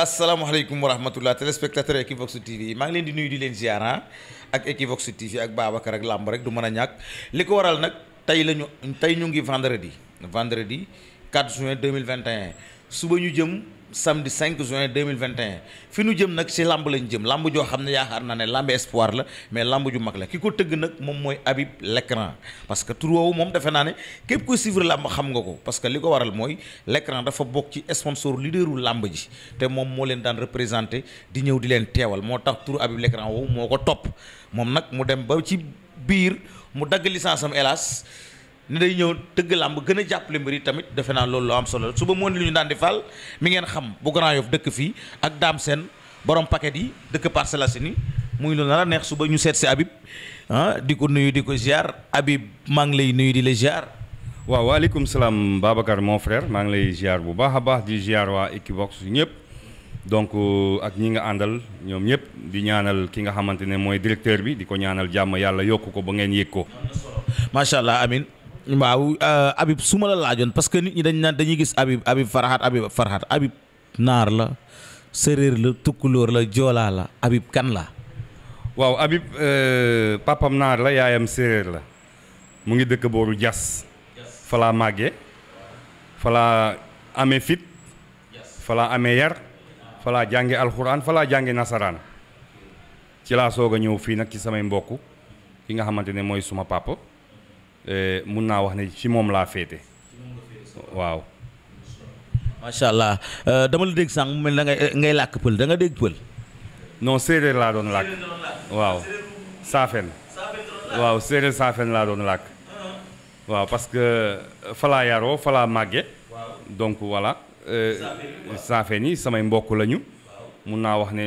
asalaamaaleykum wa rahmatulah téléspectateur Equivox TV maa ngi leen di nuyu di leen ziar ah, ak Equivox TV ak Babacar rek làmb rek du mën a ñàkk li ko waral nag tey la ñu tey ñu ngi vendredi vendredi 4 juin 2021 suba ñu jëm. samedi cinq juin 2021 fi nu jëm nag ci lamb lañ jëm lamb joo xam ne yaakaar naa ne lamb espoir la mais lamb ju mag la ki ko tëgg nag moom mooy Habib l'écran parce que tur woowu moom defe naa ne képp koy suivre lamb xam nga ko parce que li ko waral mooy l'écran dafa bokk ci sponsor leaderu lamb ji te moom moo leen daan représenté di ñëw di leen teewal moo tax turu Habib l'écran woowu moo ko topp moom nag mu dem ba ci biir mu dagg licence am ne day ñëw tëgg làmb gën a jàppale mbir yi tamit defe naa loolu lu am solo suba moon li ñu daan di faal mi ngeen xam bu Grand Yoff dëkk fii ak Dame seen borom paquet yi dëkk Parcelles Assainies muy lu nar a neex suba ñu seet si Habib ah di ko nuyu di ko ziar Habib maa ngi lay nuyu di la ziar. waaw waaleykum salaam Babacar mon frère maa ngi lay ziar bu baax a baax di ziar waa Equivox ñëpp donc euh, ak ñi nga àndal ñoom ñëpp di ñaanal ki nga xamante ne mooy directeur bi di ko ñaanal jàmm yàlla yokk ko ba ngeen yëg ko. macha allah amin waaw euh, Habib suma la laajoon parce que nit ñi dañ naan dañuy gis Habib Habib Farhat Habib Farhat Habib naar la séréer la tukkulóor la joolaa la abib kan la waaw Habib euh, papam naar la yaayam séréer la mu ngi dëkk booru jas falaa màggee falaa amee fit falaa amee yar falaa jànge alxuraan falaa jàngee nasaraan ci laa soog a ñëw fii nag ci samay mbokk ki nga xamante ne mooy suma papa Eh, mun naa wax ne ci moom laa féete waaw. macha allah eh, dama la dégg sànq mu ngay ngay làkk pël da nga dégg pël. non séeréer laa doon làkk waaw saafen waaw séeréer saafen laa doon làkk uh-huh. waaw parce que eh, falaa yaroo falaa màgge donc voilà saafen yi samay mbokk lañu mun naa wax ne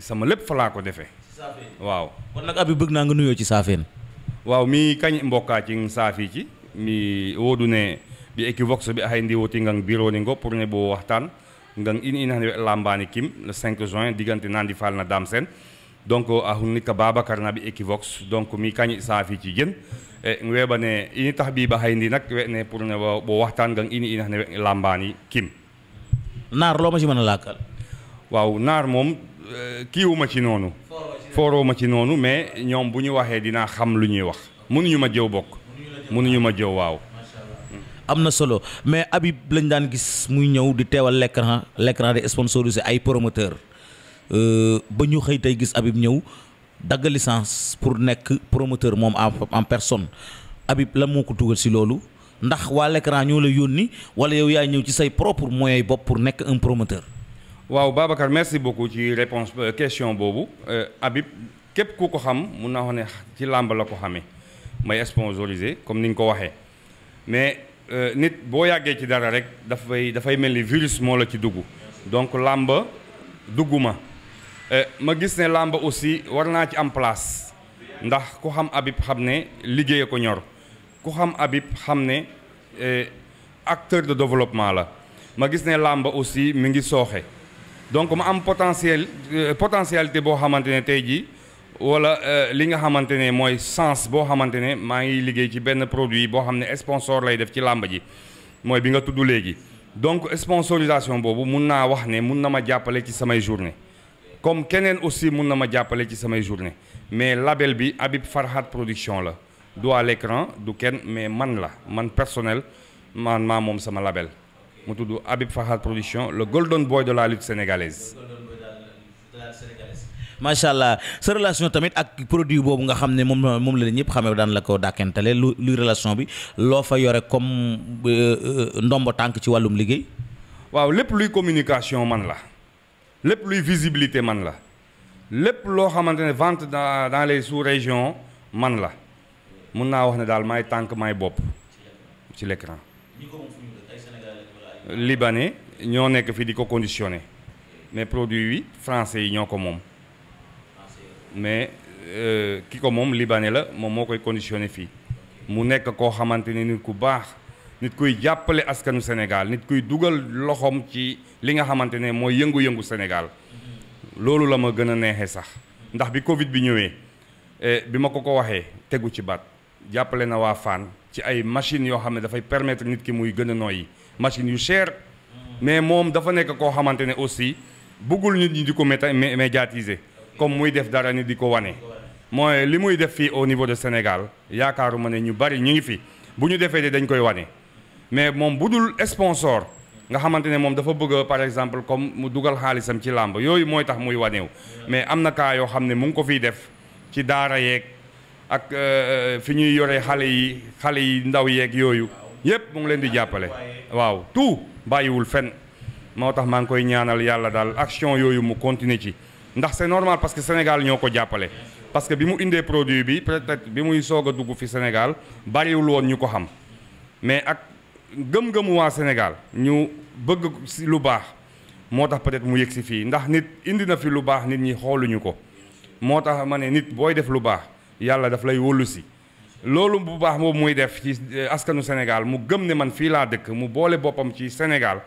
sama lépp falaa ko defee waaw kon nag abi bëgg naa nga nuyoo ci saafen waaw mii kañ mbokkacin saafiji mi woɗune ɓe équivox ɓe hayndi woti ngan bironi ngo pour ne ɓo waxtan ngan in in hande lambani kim le 5 juin digante nandi falna dam sen donc a hunni ka donc mi kañi saafiji jen e weɓane ini tax ɓiɓa hayndi nak weɗne pour ne ɓo waxtan ngan ini in hande lambani kim naar loma cimana waaw naar moom e, kiiwuma ci noonu fooroo ma ci noonu mais ñoom bu ñu waxee dinaa xam lu ñuy wax mënuñu ma jëw bokk mënuñu ma jëw waaw am na solo mais Habib lañ daan gis muy ñëw di teewal l'écran l'écran de si ay promoteur euh, ba ñu xëy tey gis Habib ñëw dagg licence pour nekk promoteur moom en personne Habib la moo ko tugal si loolu ndax waa l'écran ñoo la yónni wala yow yaay ñëw ci say propre moyens bopp pour nekk un promoteur waaw Babacar merci beaucoup ci réponse euh, question boobu euh, Habib képp ku ko xam mun naa wax ne ci làmba la ko xamee may sponsorisé comme ni nga ko waxee mais euh, nit boo yàggee ci dara rek dafay dafay mel ni virus moo la ci dugg donc làmba dugg ma ma gis ne làmba aussi war naa ci am place ndax ku xam Habib xam ne liggéey ko ñor ku xam Habib xam ne acteur de développement la ma gis ne làmb aussi mi ngi sooxe donc ma am potentiel euh, potentialité boo xamante ne tey jii wala euh, li nga xamante ne mooy sens boo xamante ne maa ngi liggéey ci benn produit boo xam ne sponsor lay def ci làmb ji mooy bi nga tudd léegi donc sponsorisation boobu mun naa wax ne mun na ma jàppale ci samay journée comme keneen aussi mun na ma jàppale ci samay journée mais label bi Habib Farhat production la du à l'écran du kenn mais man la man personnel man maa moom sama label mu tudd Habib Fahad production le golden boy de la lutte sénégalaise. macha allah sa relation tamit ak produit boobu nga xam ne moom moom la ñëpp xamee daan la ko dàkkentale lu luy relation bi loo fa yore comme euh, euh, ndombo tànk ci wàllum liggéey. waaw lépp luy communication man la lépp luy visibilité man la lépp loo xamante ne vente dans dans les sous-régions man la mun naa wax ne daal maay tànk may bopp ci libane ñoo nekk fii di ko conditionné mais produit bi français yi ñoo ko moom mais euh, ki ko moom libane la moom moo koy conditionné fii mu nekk koo xamante ni nit ku baax nit kuy jàppale askanu Sénégal nit kuy dugal loxoom ci li nga xamante ne mooy yëngu-yëngu Sénégal loolu la ma gën a neexee sax ndax bi Covid bi ñëwee eh, bi ma ko ko waxee tegu ci baat jàppale na waa Fann ci ay machines yoo xam ne dafay permettre nit ki muy gën a noyyi machine yu cher mais moom dafa nekk koo xamante ne aussi bëggul nit ñi di ko médiatiser comme muy def dara ni di ko wane. mooy li muy def fii au niveau de Sénégal yaakaaruma ne ñu bari ñu ngi fi bu ñu defee de dañ koy wane mais moom bu dul sponsor nga xamante ne moom dafa bëgg par exemple comme mu dugal xaalisam ci làmb yooyu mooy tax muy waneew mais am na cas yoo xam ne mu ngi ko fiy def ci daara yeeg ak euh, fi ñuy yore xale yi xale yi ndaw yeeg yooyu yëpp mu ngi leen di jàppale waaw tout bàyyiwul fenn moo tax maa ngi koy ñaanal yàlla daal action yooyu mu continuer ci ndax c'est normal parce que Sénégal ñoo ko jàppale parce que bi mu indee produit bi peut-être bi muy soog a dugg fi Sénégal bariwul woon ñu ko xam mais ak gëm-gëmu waa Sénégal ñu bëgg si lu baax moo tax peut-être mu yëg si fii ndax nit indi na fi lu baax nit ñi xooluñu ko moo tax ma ne nit booy def lu baax yàlla daf lay wóolu si loolu bu baax moom muy def ci euh, askanu Sénégal mu gëm ne man fii laa dëkk mu boole boppam ci Sénégal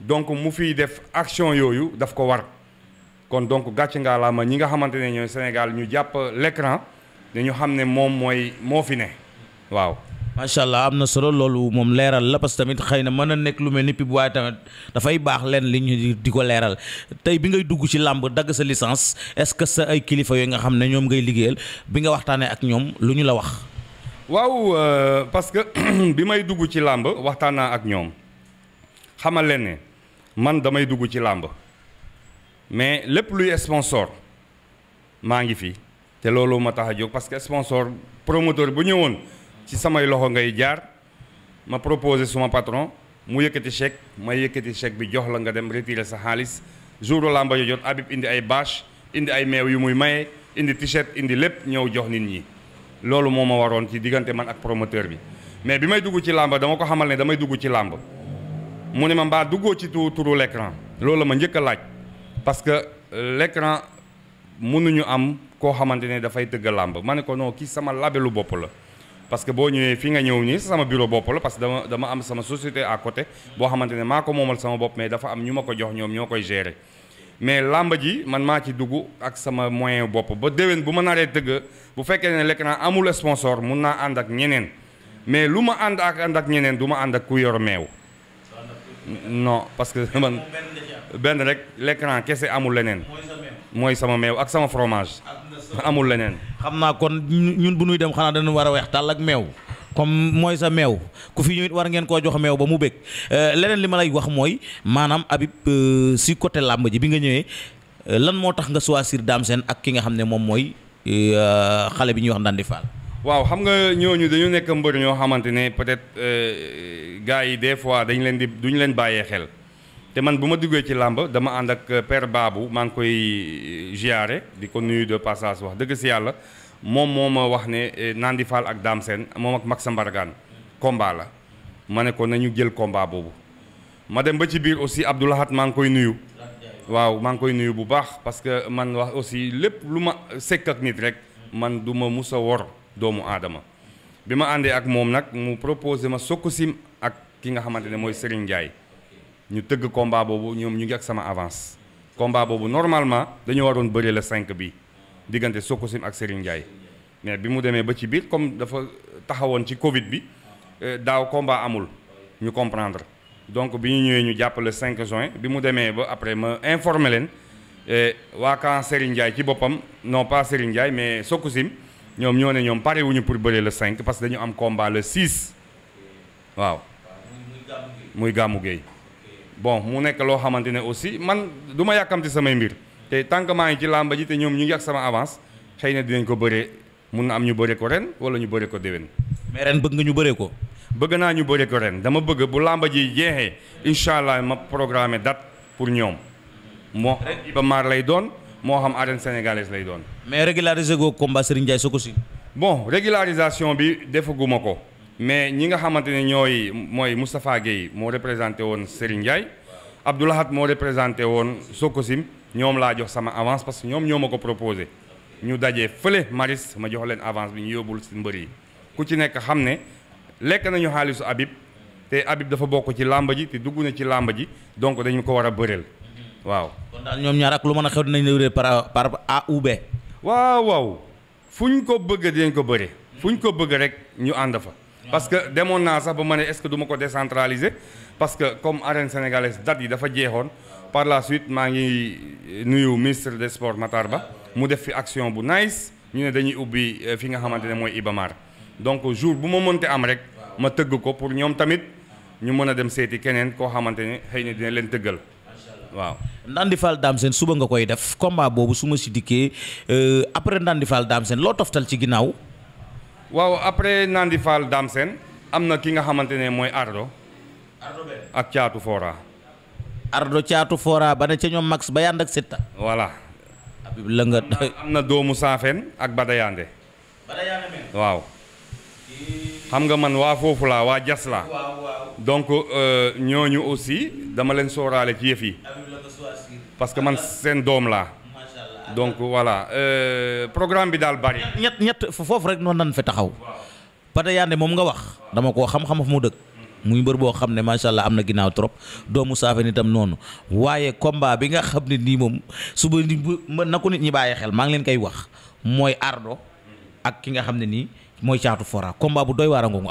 donc mu fiy def action yooyu daf ko war kon donc gàcce ngaa laa ma ñi nga xamante ne ñooy Sénégal ñu jàpp l'écran dañu xam ne moom mooy moo fi ne waaw. macha allah am na solo loolu moom leeral la parce que tamit xëy na mën na nekk lu mel ni pib waaye tamit dafay baax leen li ñu di ko leeral tey bi ngay dugg ci làmb dagg sa licence est-ce que sa ay kilifa yooyu nga xam ne ñoom ngay liggéeyal bi nga waxtaanee ak ñoom lu ñu la wax. waaw euh, parce que bi may dugg ci làmb waxtaan ak ñoom xamal leen ne man damay dugg ci làmb mais lépp luy sponsor maa ngi fi te loolu ma tax a jóg parce que sponsor promoteur bu ñëwoon ci samay loxo ngay jaar ma proposé suma patron mu yëkkati chèque may yëkkati chèque bi jox la nga dem retirer sa xaalis jour làmba yo jot Habib indi ay bâche indi ay meew yu muy maye indi t-shirt indi lépp ñëw jox nit ñi loolu moo ma waroon ci diggante man ak promoteur bi mais bi may dugg ci làmb dama ko xamal ne damay dugg ci làmb mu ne ma mbaa duggoo ci tu turu l'écran loolu la ma njëkk a laaj parce que euh, l'écran mënuñu am koo xamante ne dafay tëgg làmb ma ne ko non kii sama labelu bopp la parce que boo ñëwee fi nga ñëw nii sama bureau bopp la parce que dama dama am sama société à côté boo xamante ne maa ko moomal sama bopp mais dafa am ñu ma ko jox ñoom ñoo koy gérer mais làmba ji man maa ci dugg ak sama moyen bopp ba déwén bu ma naree tëgg bu fekkee ne l'écran amul sponsor mun naa ànd ak ñeneen mais lu ma ànd ak ànd ak ñeneen du ma ànd ak ku yor meew no parce que man benn rek l'écran kese amul leneen mooy sama meew ak sama fromage amul leneen xam naa kon ñun bu nuy dem xanaa dañu war a weex tàll ak meew comme mooy sa meew ku fi ñëwit war ngeen koo jox meew ba mu bëgg euh, leneen li ma lay wax mooy maanaam Habib euh, si côté làmb ji bi nga ñëwee euh, lan moo tax nga choisir daam Sène ak ki nga xam ne moom mooy xale bi ñuy wax Ndandi Fall. waaw xam nga ñooñu dañu nekk mbër ñoo xamante ne peut-être gars yi des fois dañu leen di duñu leen bàyyee xel te man bu ma duggee ci làmb dama ànd ak père Babou maa ngi koy giare di ko nuyu de passage wax dëgg si yàlla. moom moo ma wax ne eh, Nandi Fall ak Dame moom ak mag sa Mbargane combat la ma ne ko nañu jël combat boobu ma dem ba ci biir aussi Abdoulahat maa ngi koy nuyu waaw maa ngi koy nuyu bu baax parce que man wax aussi lépp lu ma sekk ak nit rek man du ma mus wor doomu aadama bi ma àndee ak moom nag mu proposé ma Sococim ak ki nga xamante ne mooy Serigne Ndiaye ñu tëgg combat boobu ñoom ñu ngi ak sama avance combat boobu normalement dañoo waroon bëri la 5 bi diggante Sococim ak Serigne Ndiaye mais bi mu demee ba ci biir comme dafa taxawoon ci Covid bi euh, daaw combat amul ñu comprendre donc bi ñu ñëwee ñu jàppale cinq juin bi mu demee ba après ma informer leen euh, waa camp Serigne Ndiaye ci boppam non pas Serigne Ndiaye mais Sococim ñoom ñoo ne ñoom parewuñu pour bëre le 5 parce que dañu am combat le 6 waaw. muy gàmmu géey bon mu nekk loo xamante ne aussi man du ma yàkkamti samay mbir. te tant que maa ngi ci làmba ji te ñoom ñu ngi ak sama avance xëy na dinañ ko bëree mun na am ñu bëree ko ren wala ñu bëree ko déwén. mais ren bëgg nga ñu bëree ko. bëgg naa ñu bëree ko ren dama bëgg bu làmba ji jeexee incha allah ma programme date pour ñoom moo xam Iba Mar lay doon moo xam arène sénégalaise lay doon. mais régulariser goo combat Serigne ko Sococim. bon régularisation bi defaguma ko mais ñi nga xamante ne ñooy mooy Moustapha Guèye moo représenté woon Serigne Ndiaye Abdoulahat moo représenté woon Sococim. ñoom laa jox sama avance parce que ñoom ñoo ma ko proposé ñu dajee fële maris ma jox leen avance bi ñu yóbbul si mbër yi ku ci nekk xam ne lekk nañu xaalisu Habib te Habib dafa bokk ci làmb ji te dugg na ci làmb ji donc dañu ko war a bëreel waaw. ñoom ñaar lu mën a xew dinañ la par par A ou B. waaw fu ñu ko bëgg dinañ ko bëre. fu ñu ko bëgg rek ñu ànd fa. parce que demoon naa sax ba ma ne est-ce que du ma ko décentraliser parce que comme arène sénégalaise date yi dafa jeexoon. par la suite maa ngi eh, nuyu ministre de sports Matar Ba mu def fi action bu nice ñu ne dañuy ubbi eh, fi nga xamante ne mooy Ibamar donc jour bu ma mënte am rek ma tëgg ko pour ñoom tamit ñu mën a dem seeti keneen koo xamante ne xëy na dina leen tëggal waaw. Ndandi Fall Dame suba nga koy def combat boobu su ma si dikkee eh, après Ndandi Fall Dame loo toftal ci ginnaaw. waaw après Ndandi Fall Dame am na ki nga xamante ne mooy Ardo. Ardo ak Caatu Fora. ardo caatu fora ba ne ca ñoom max ba yànd ak sitta voilà abib la nga am na doomu saafeen ak badayaande waaw xam nga man waa foofu laa waa jas laa donc euh, ñooñu aussi dama leen sóoraale ci yëf yi parce que man seen doom laa donc voilà euh, programme bi daal bari ñett ñett foofu rek noonu nan fi taxaw badayaande moom nga wax dama koo xam-xam fu mu dëkk muy mbër boo xam ne macha allah am na ginnaaw trop doomu saafen itam noonu waaye combat bi nga xam ne nii moom suba ni na ko nit ñi bàyyi xel maa ngi leen koy wax mooy ardo ak ki nga xam ne nii mooy caatu fora combat bu doy waar a ngoogu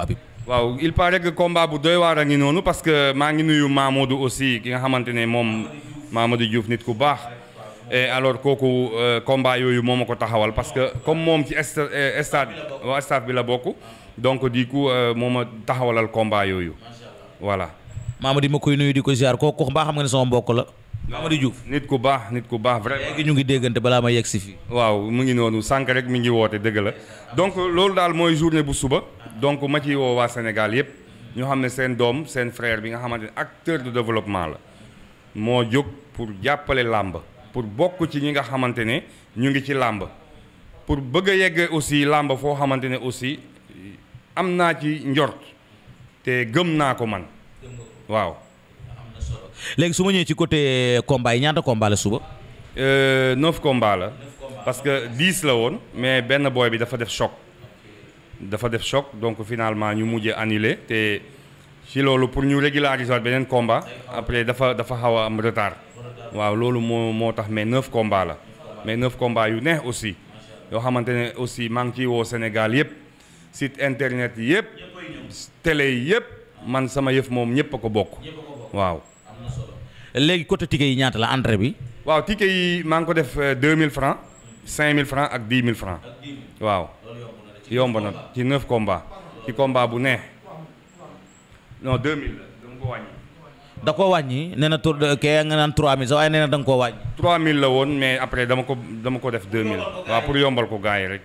waaw il paraît que combat bu doy waar a ngi noonu parce que maa ngi nuyu Mamadou aussi ki nga xamante ne moom Mamadou Diouf nit ku baax et alors kooku euh, combat yooyu moom ma ko taxawal parce que comme moom ci euh, stade bi waaw stade bi la bokk donc di coup euh, moom a taxawalal combat yooyu voilà. Mamady ma koy nuyu di ko ziar kooku mbaa xam nga ne sama mbokk la. Mamady Diouf nit ku baax nit ku baax vraiment. léegi ñu ngi déggante balaa ma yegg si fii. waaw mu ngi noonu sànq rek mi ngi woote dëgg la donc loolu daal mooy journée bu suba donc ma ciy woo Sénégal yëpp ñu xam ne seen doom seen frère bi nga xamante ne acteur de développement la moo jóg pour jàppale làmb pour bokk ci ñi nga xamante ne ñu ngi ci làmb pour bëgg a yegg aussi làmb xamante ne aussi. am naa ci njor te gëm naa ko man waaw. léegi su ma ñëwee ci côté euh, combat yi ñaata combat la suba. Euh, neuf combat la. parce que dix la woon. mais benn booy bi dafa def choc. dafa def choc donc finalement ñu mujj annulé te ci loolu pour ñu régulariser waat beneen combat. après dafa dafa xaw a am retard. waaw loolu moo moo tax mais neuf combat la. mais neuf combat yu neex aussi. yoo xamante ne aussi maa ngi ciy woo Sénégal yëpp. site internet yëpp télé yi yëpp man sama yëf moom ñëpp a ko bokk waaw léegi côté ticket yi ñaata la entrée bi waaw ticket yi maa ngi ko def euh, deux mille francs cinq mille francs ak dix mille francs waaw yomb na ci neuf combat ci combat bu neex non deux mille ko wàññi da ko wàññi nee na tur kee nga naan 3000 sa waaye nee na da nga koo wàññi 3000 la woon mais après dama ko dama ko def 2000 waaw pour yombal ko gars rek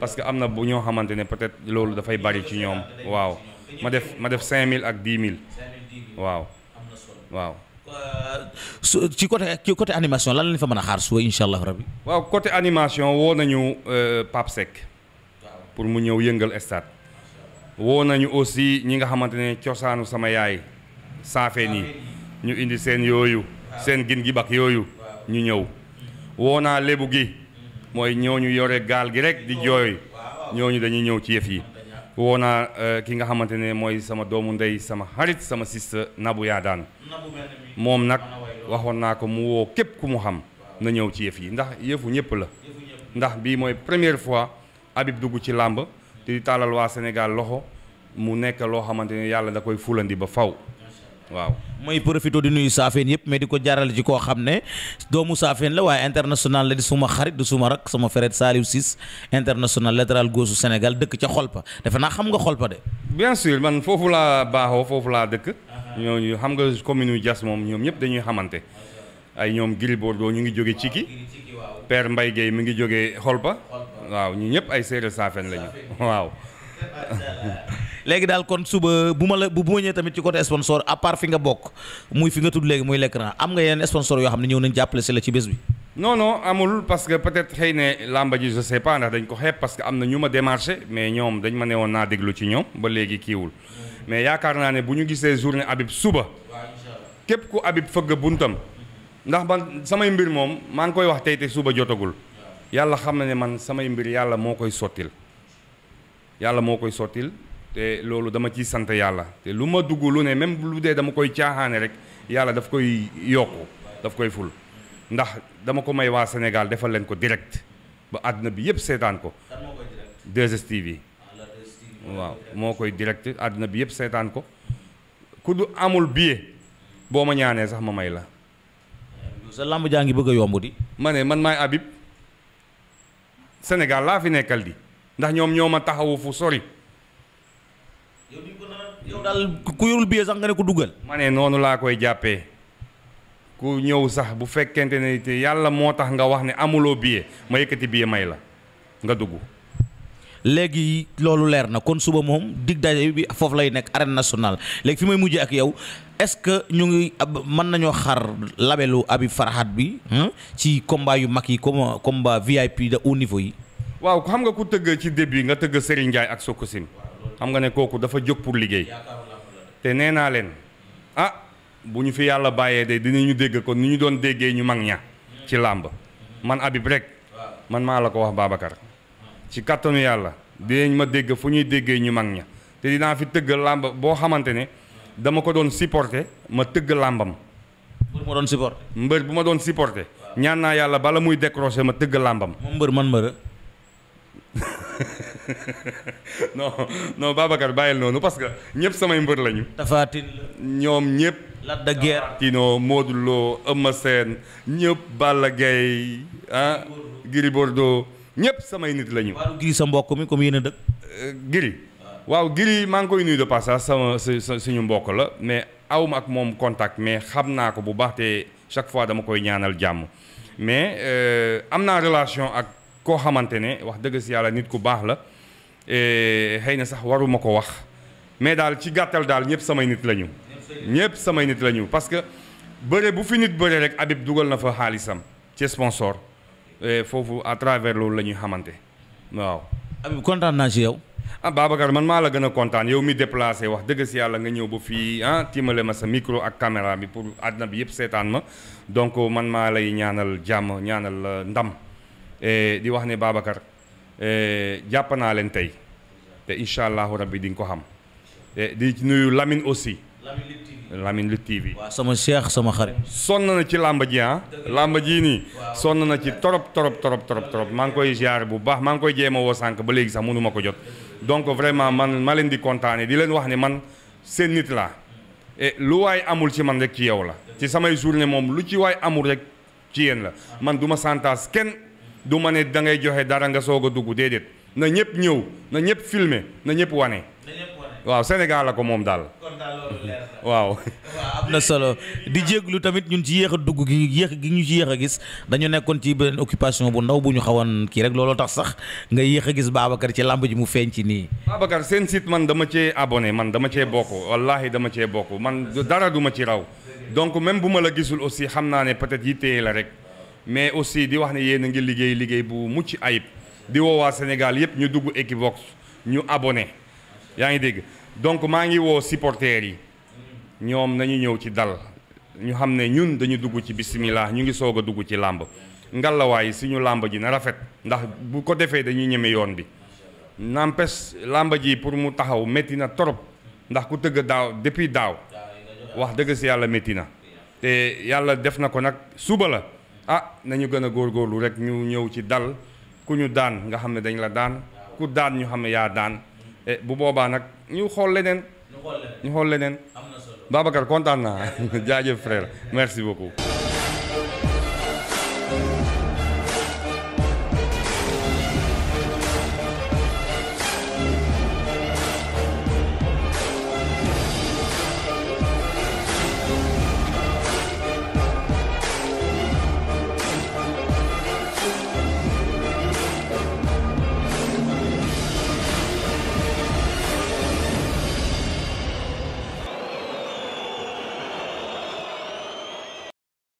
parce que am na bu ñoo xamante ne peut-être loolu dafay bari ci ñoom waaw ma def ma def 5000 ak 10 000 waaw waaw. ci côté ci côté animation lan lañ fa mën a xaar suba incha allah rabbi. waaw côté animation woo nañu euh, Pape Seck pour mu ñëw yëngal stade woo nañu aussi ñi nga xamante ne cosaanu sama yaay saafeen yi ñu indi seen yooyu seen gin gi bak yooyu ñu ñëw woo naa lébu gi. mooy ñu yore gaal gi rek di jooy ñooñu dañuy ñëw ci yëf yi woo naa euh, ki nga xamante ne mooy sama doomu ndey sama xarit sama nabu yaa Yadane moom nag waxoon naa ko mu woo képp ku mu xam na ñëw ci yëf yi ndax yëfu ñëpp la ndax bii mooy première fois Habib dugg ci làmb te di tàllal waa Sénégal loxo mu nekk loo xamante ne yàlla da koy fulandi ba faw waaw may profité di nuyu saafeen yëpp mais di ko jaarale ci koo xam ne doomu saafeen la waaye international la di suma xarit di suma rak sama frère Saliou Ciss international latéral gauche Sénégal dëkk ca Xolpa defe naa xam nga Xolpa de. bien sûr man foofu laa baaxoo foofu laa dëkk. ñooñu xam nga commune yu Diass moom ñoom ñëpp dañuy xamante. ay ñoom Gris Bordeaux ñu ngi jóge Ciki Père mbay Guèye mi ngi jóge Xolpa waaw ñu ñëpp ay séeréer saafeen lañu waaw. léegi daal kon suba bu ma la bu ma ñëwee tamit ci côté sponsor à part fi nga bokk muy fi nga tudd léegi muy l'écran am nga yeneen sponsor yoo xam ne ñëw nañ jàppale si la ci bés bi. non non amul parce que peut-être xëy làmba ji je sais pas ndax dañ que am na ñu ma démarché mais ñoom dañ ma ne woon naa déglu ci ñoom ba léegi kiiwul mais yaakaar naa ne bu ñu gisee journée Habib suba képp ku Habib fëgg buntam ndax man samay mbir moom maa ngi koy wax tey te suba jotagul yàlla xam na ne man samay mbir yàlla moo koy sottil yàlla moo koy sottil te loolu dama ciy sant yàlla te lu ma dugg lu ne même lu dee dama koy caaxaane rek yàlla daf koy yokk daf koy ful ndax dama ko may waa Sénégal defal leen ko direct ba àdduna bi yëpp seetaan ko 2STV ah, waaw moo koy direct àdduna bi yëpp seetaan ko ku du amul billet boo ma ñaanee sax ma may la sa làmb jaa ngi bëgg a yomb di ma ne man maay Habib Sénégal laa fi nekkal di ndax ñoom ñoo ma taxawu fu sori yow daal ku yorul billet sax nga ne ko duggal. ma ne noonu laa koy jàppee ku ñëw sax bu fekkente ne te yàlla moo tax nga wax ne amuloo billet ma yëkkati billet may la nga dugg. léegi loolu leer na kon suba moom dig daje bi foofu lay nekk arène nationale léegi fi may mujjee ak yow est-ce que ñu ngi ab mën nañoo xar labelu Habib Farhat bi hmm, ci combat yu mag yi comme combat VIP de haut niveau yi. waaw xam nga ku tëgg ci début nga tëgg Serigne ak Sokocim. xam nga ne kooku dafa jóg pour liggéey te nee naa leen ah bu ñu fi yàlla bàyyee de ñu dégg ko ni ñu doon déggee ñu mag ña ci làmb man Habib rek man maa la ko wax Babacar ci kàttanu yàlla dinañ ma dégg fu ñuy déggee ñu mag ña te dinaa fi tëgg làmb boo xamante ne dama ko doon supporter ma tëgg làmbam mbër doon supporter mbër bu ma doon supporter ñaan naa yàlla bala muy décrocher ma tëgg làmbam moom non non Babacar bàyyil noonu parce que ñëpp samay mbër lañu. tafaatin ñoom ñëpp. Lac de Guiers Tino Modou Lo Eumeu Sène ñëpp Balla Gaye ah. Bordeaux ñëpp samay nit lañu. waaw Gris sa mbokk mi comme yéen a dëkk. Euh, Gris waaw Gris maa ngi koy nuyu de passage sama suñu mbokk la mais awma ak moom contact mais xam naa ko bu baax te chaque fois dama koy ñaanal jàmm mais euh, am naa relation ak. koo xamante ne wax dëgg si yàlla nit ku baax la e, xëy na sax waruma ko wax mais daal ci gàttal daal ñëpp samay nit la ñu. ñëpp samay nit la ñu parce que bëre bu fi nit bëre rek Habib dugal na fa xaalisam ci sponsor e, foofu à travers loolu la ñuy xamante waaw. Habib kontaan naa si yow. ah Babacar man maa la gën a kontaan yow mi déplacé wax dëgg si yàlla nga ñëw ba fii ah tiimale ma sa micro ak caméra bi pour àddina bi yëpp seetaan ma donc man maa lay ñaanal jàmm ñaanal ndam. Eh, di wax ne Babacar eh, jàpp naa leen tey te incha allahu rabbi di nga ko xam eh, di nuyu Lamine aussi. Lamine Lutte TV. waaw sama cheikh sama xarit. sonn na ci làmb ji ah. làmb jii nii. sonn na ci torop torop torop torop torop maa ngi koy ziar bu baax maa ngi koy jéem a woo sànq ba léegi sax mënuma ko jot. donc vraiment man ma leen di kontaane di leen wax ne man seen nit laa. et lu waay amul ci man rek ci yow la. ci samay ne moom lu ci waay amul rek ci yéen la. man du santaas kenn. du ma ne da ngay joxe dara nga soog a dugg déedéet na ñëpp ñëw na ñëpp filme na ñëpp wane. waaw Sénégal la ko moom daal. waaw. na solo di jéeglu tamit ñun ci yéex dugg gi yéex gi ñu ci yéex a gis dañu nekkoon ci beneen occupation bu ndaw bu ñu xawoon kii rek looloo tax sax nga yéex a gis Babacar ci làmb ji mu feeñ ci nii. Babacar seen site man dama cee abonné man dama cee bokk wallaahi dama cee bokk man dara duma ci raw donc même bu ma la gisul aussi xam naa ne peut-être yittee la rek. mais aussi di wax ne yéen a ngi liggéey liggéey bu mucc ayib di woowaa Sénégal yépp ñu dugg Equivox ñu abone yaa ngi dégg donc maa ngi woo supporters yi ñoom nañu ñëw ci dal ñu xam ne ñun dañu dugg ci bisimilah ñu ngi soog a dugg ci làmb ngalawaay suñu làmb ji na rafet ndax bu ko defee dañuy ñeme yoon bi n'empêche làmb ji pour mu taxaw métti na torop ndax ku tëgg daaw depuis daaw wax dëgg si yàlla métti na te yàlla def na ko nag suba la ah nañu gën a góorlu rek ñu ñëw ci dal ku ñu daan nga xam ne dañ la daan ku daan ñu xam ne yaa daan eh, bu boobaa nag ñu xool leneen ñu xool leneen Babacar kontaan naa jaajëf frère merci beaucoup